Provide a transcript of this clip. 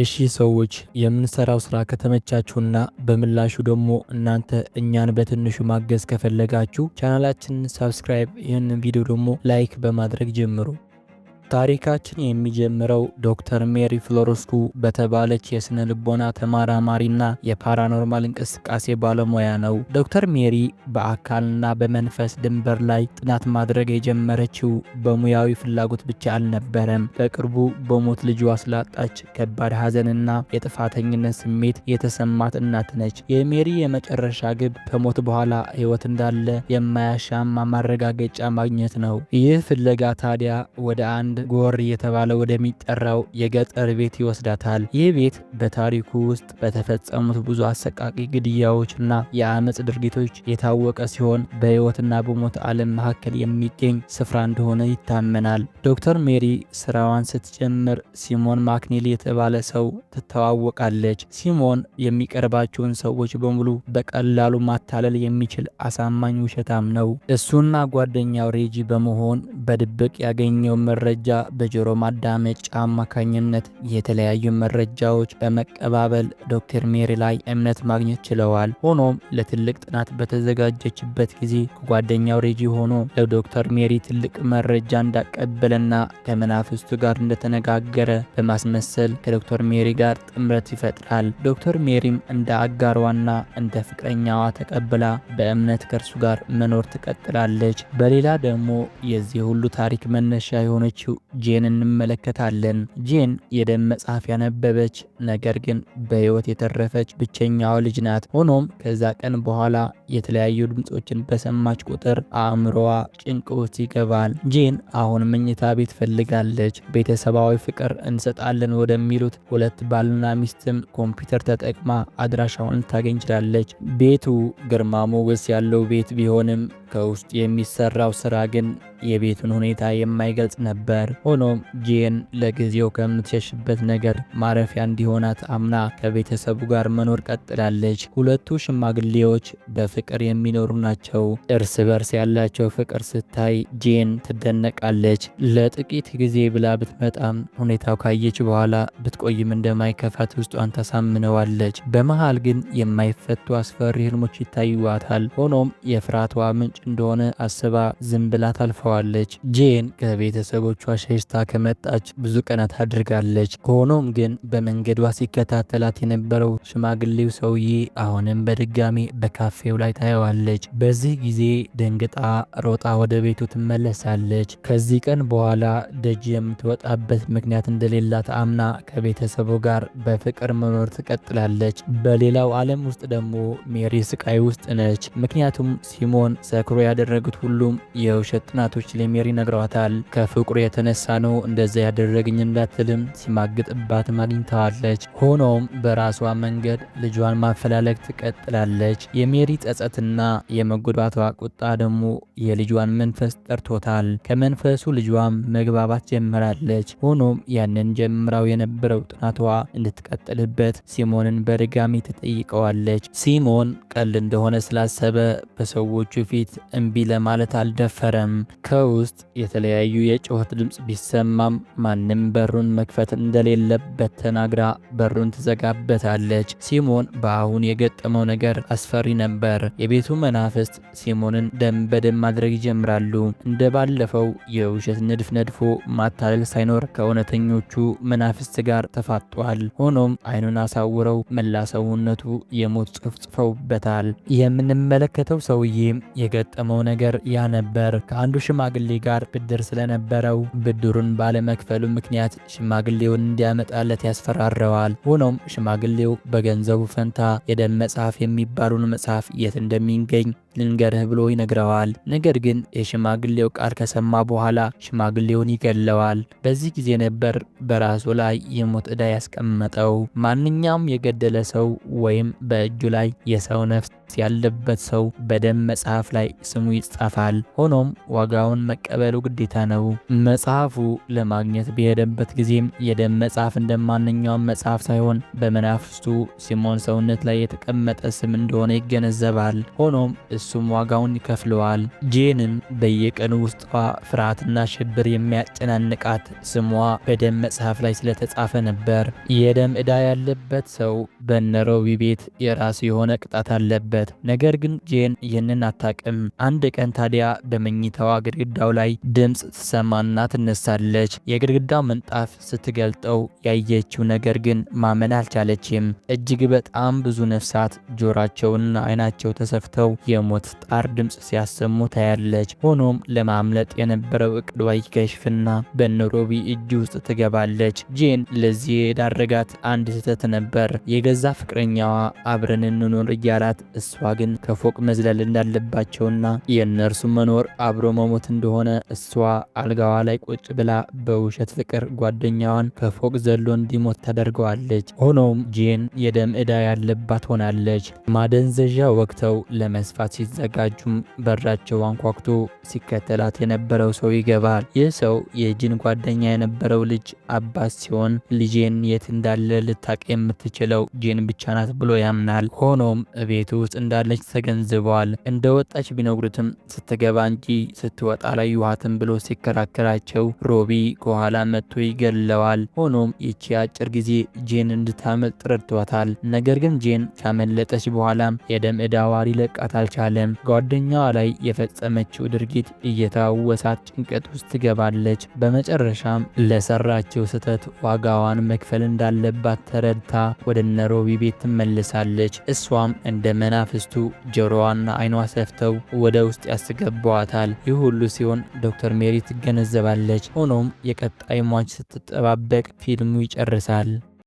እሺ ሰዎች የምንሰራው ስራ ከተመቻችሁና በምላሹ ደግሞ እናንተ እኛን በትንሹ ማገዝ ከፈለጋችሁ ቻናላችንን ሳብስክራይብ፣ ይህንን ቪዲዮ ደግሞ ላይክ በማድረግ ጀምሩ። ታሪካችን የሚጀምረው ዶክተር ሜሪ ፍሎሮስኩ በተባለች የስነ ልቦና ተማራማሪና የፓራኖርማል እንቅስቃሴ ባለሙያ ነው። ዶክተር ሜሪ በአካልና በመንፈስ ድንበር ላይ ጥናት ማድረግ የጀመረችው በሙያዊ ፍላጎት ብቻ አልነበረም። በቅርቡ በሞት ልጇ ስላጣች ከባድ ሐዘንና የጥፋተኝነት ስሜት የተሰማት እናት ነች። የሜሪ የመጨረሻ ግብ ከሞት በኋላ ሕይወት እንዳለ የማያሻማ ማረጋገጫ ማግኘት ነው። ይህ ፍለጋ ታዲያ ወደ አንድ ጎር እየተባለ ወደሚጠራው የገጠር ቤት ይወስዳታል። ይህ ቤት በታሪኩ ውስጥ በተፈጸሙት ብዙ አሰቃቂ ግድያዎችና የአመፅ ድርጊቶች የታወቀ ሲሆን በሕይወትና በሞት ዓለም መካከል የሚገኝ ስፍራ እንደሆነ ይታመናል። ዶክተር ሜሪ ስራዋን ስትጀምር ሲሞን ማክኔል የተባለ ሰው ትተዋወቃለች። ሲሞን የሚቀርባቸውን ሰዎች በሙሉ በቀላሉ ማታለል የሚችል አሳማኝ ውሸታም ነው። እሱና ጓደኛው ሬጂ በመሆን በድብቅ ያገኘው መረጃ መረጃ በጆሮ ማዳመጫ አማካኝነት የተለያዩ መረጃዎች በመቀባበል ዶክተር ሜሪ ላይ እምነት ማግኘት ችለዋል። ሆኖም ለትልቅ ጥናት በተዘጋጀችበት ጊዜ ከጓደኛው ሬጂ ሆኖ ለዶክተር ሜሪ ትልቅ መረጃ እንዳቀበለና ከመናፍስቱ ጋር እንደተነጋገረ በማስመሰል ከዶክተር ሜሪ ጋር ጥምረት ይፈጥራል። ዶክተር ሜሪም እንደ አጋሯና እንደ ፍቅረኛዋ ተቀብላ በእምነት ከእርሱ ጋር መኖር ትቀጥላለች። በሌላ ደግሞ የዚህ ሁሉ ታሪክ መነሻ የሆነችው ጄን እንመለከታለን። ጄን የደም መጽሐፍ ያነበበች ነገር ግን በሕይወት የተረፈች ብቸኛዋ ልጅ ናት። ሆኖም ከዛ ቀን በኋላ የተለያዩ ድምፆችን በሰማች ቁጥር አእምሮዋ ጭንቅ ውስጥ ይገባል። ጄን አሁን መኝታ ቤት ፈልጋለች። ቤተሰባዊ ፍቅር እንሰጣለን ወደሚሉት ሁለት ባልና ሚስትም ኮምፒውተር ተጠቅማ አድራሻውን ታገኝ ችላለች። ቤቱ ግርማ ሞገስ ያለው ቤት ቢሆንም ከውስጥ የሚሰራው ስራ ግን የቤቱን ሁኔታ የማይገልጽ ነበር። ሆኖም ጄን ለጊዜው ከምትሸሽበት ነገር ማረፊያ እንዲሆናት አምና ከቤተሰቡ ጋር መኖር ቀጥላለች። ሁለቱ ሽማግሌዎች በፍቅር የሚኖሩ ናቸው። እርስ በርስ ያላቸው ፍቅር ስታይ ጄን ትደነቃለች። ለጥቂት ጊዜ ብላ ብትመጣም ሁኔታው ካየች በኋላ ብትቆይም እንደማይከፋት ውስጧን ታሳምነዋለች። በመሃል ግን የማይፈቱ አስፈሪ ህልሞች ይታዩዋታል። ሆኖም የፍርሃቷ ምንጭ እንደሆነ አስባ ዝም ብላ ታልፈዋለች። ጄን ከቤተሰቦቿ ሸሽታ ከመጣች ብዙ ቀናት አድርጋለች። ሆኖም ግን በመንገዷ ሲከታተላት የነበረው ሽማግሌው ሰውዬ አሁንም በድጋሚ በካፌው ላይ ታየዋለች። በዚህ ጊዜ ደንግጣ ሮጣ ወደ ቤቱ ትመለሳለች። ከዚህ ቀን በኋላ ደጅ የምትወጣበት ምክንያት እንደሌላት አምና ከቤተሰቡ ጋር በፍቅር መኖር ትቀጥላለች። በሌላው ዓለም ውስጥ ደግሞ ሜሪ ስቃይ ውስጥ ነች። ምክንያቱም ሲሞን ሰክሮ ተሞክሮ ያደረጉት ሁሉም የውሸት ጥናቶች ለሜሪ ነግረዋታል። ከፍቅሩ የተነሳ ነው እንደዛ ያደረግኝ እንዳትልም ሲማግጥባት አግኝተዋለች። ሆኖም በራሷ መንገድ ልጇን ማፈላለግ ትቀጥላለች። የሜሪ ጸጸትና የመጎዳቷ ቁጣ ደግሞ የልጇን መንፈስ ጠርቶታል። ከመንፈሱ ልጇም መግባባት ጀምራለች። ሆኖም ያንን ጀምራው የነበረው ጥናቷ እንድትቀጥልበት ሲሞንን በድጋሚ ትጠይቀዋለች። ሲሞን ቀልድ እንደሆነ ስላሰበ በሰዎቹ ፊት እምቢ ለማለት አልደፈረም። ከውስጥ የተለያዩ የጩኸት ድምፅ ቢሰማም ማንም በሩን መክፈት እንደሌለበት ተናግራ በሩን ትዘጋበታለች። ሲሞን በአሁን የገጠመው ነገር አስፈሪ ነበር። የቤቱ መናፍስት ሲሞንን ደም በደም ማድረግ ይጀምራሉ። እንደ ባለፈው የውሸት ንድፍ ነድፎ ማታለል ሳይኖር ከእውነተኞቹ መናፍስት ጋር ተፋጧል። ሆኖም አይኑን አሳውረው መላ ሰውነቱ የሞት ጽሑፍ ጽፈውበታል። የምንመለከተው ሰውዬ የገ የገጠመው ነገር ያ ነበር። ከአንዱ ሽማግሌ ጋር ብድር ስለነበረው ብድሩን ባለመክፈሉ ምክንያት ሽማግሌውን እንዲያመጣለት ያስፈራረዋል። ሆኖም ሽማግሌው በገንዘቡ ፈንታ የደን መጽሐፍ የሚባሉን መጽሐፍ የት እንደሚገኝ ልንገርህ ብሎ ይነግረዋል። ነገር ግን የሽማግሌው ቃል ከሰማ በኋላ ሽማግሌውን ይገለዋል። በዚህ ጊዜ ነበር በራሱ ላይ የሞት ዕዳ ያስቀመጠው። ማንኛውም የገደለ ሰው ወይም በእጁ ላይ የሰው ነፍስ ያለበት ሰው በደም መጽሐፍ ላይ ስሙ ይጻፋል። ሆኖም ዋጋውን መቀበሉ ግዴታ ነው። መጽሐፉ ለማግኘት በሄደበት ጊዜም የደም መጽሐፍ እንደ ማንኛውም መጽሐፍ ሳይሆን በመናፍስቱ ሲሞን ሰውነት ላይ የተቀመጠ ስም እንደሆነ ይገነዘባል። ሆኖም እሱም ዋጋውን ይከፍለዋል። ጄንም በየቀኑ ውስጧ ፍርሃትና ሽብር የሚያጨናንቃት ስሟ በደም መጽሐፍ ላይ ስለተጻፈ ነበር። የደም ዕዳ ያለበት ሰው በነሮዊ ቤት የራሱ የሆነ ቅጣት አለበት። ነገር ግን ጄን ይህንን አታቅም። አንድ ቀን ታዲያ በመኝታዋ ግድግዳው ላይ ድምፅ ትሰማና ትነሳለች። የግድግዳው ምንጣፍ ስትገልጠው ያየችው ነገር ግን ማመን አልቻለችም። እጅግ በጣም ብዙ ነፍሳት ጆሯቸውና አይናቸው ተሰፍተው የሞ የሞት ጣር ድምፅ ሲያሰሙ ታያለች። ሆኖም ለማምለጥ የነበረው እቅዷ ይከሽፍና በኖሮቢ እጅ ውስጥ ትገባለች። ጄን ለዚህ የዳረጋት አንድ ስህተት ነበር። የገዛ ፍቅረኛዋ አብረን እንኖር እያላት እሷ ግን ከፎቅ መዝለል እንዳለባቸውና የእነርሱ መኖር አብሮ መሞት እንደሆነ እሷ አልጋዋ ላይ ቁጭ ብላ በውሸት ፍቅር ጓደኛዋን ከፎቅ ዘሎ እንዲሞት ተደርገዋለች። ሆኖም ጄን የደም ዕዳ ያለባት ሆናለች። ማደንዘዣ ወቅተው ለመስፋት ሲዘጋጁም በራቸው አንኳኩቶ ሲከተላት የነበረው ሰው ይገባል። ይህ ሰው የጂን ጓደኛ የነበረው ልጅ አባት ሲሆን ልጄን የት እንዳለ ልታቅ የምትችለው ጂን ብቻ ናት ብሎ ያምናል። ሆኖም ቤቱ ውስጥ እንዳለች ተገንዝበዋል። እንደ ወጣች ቢነግሩትም ስትገባ እንጂ ስትወጣ ላይ ይዋትን ብሎ ሲከራከራቸው ሮቢ ከኋላ መጥቶ ይገለዋል። ሆኖም ይቺ አጭር ጊዜ ጄን እንድታመልጥ ረድቷታል። ነገር ግን ጄን ካመለጠች በኋላም የደም ዕዳዋ ሊለቃት አልቻለም። ዓለም ጓደኛዋ ላይ የፈጸመችው ድርጊት እየታወሳት ጭንቀት ውስጥ ትገባለች። በመጨረሻም ለሰራችው ስህተት ዋጋዋን መክፈል እንዳለባት ተረድታ ወደ ነሮቢ ቤት ትመልሳለች። እሷም እንደ መናፍስቱ ጆሮዋና አይኗ ሰፍተው ወደ ውስጥ ያስገባዋታል። ይህ ሁሉ ሲሆን ዶክተር ሜሪ ትገነዘባለች። ሆኖም የቀጣይ ሟች ስትጠባበቅ ፊልሙ ይጨርሳል።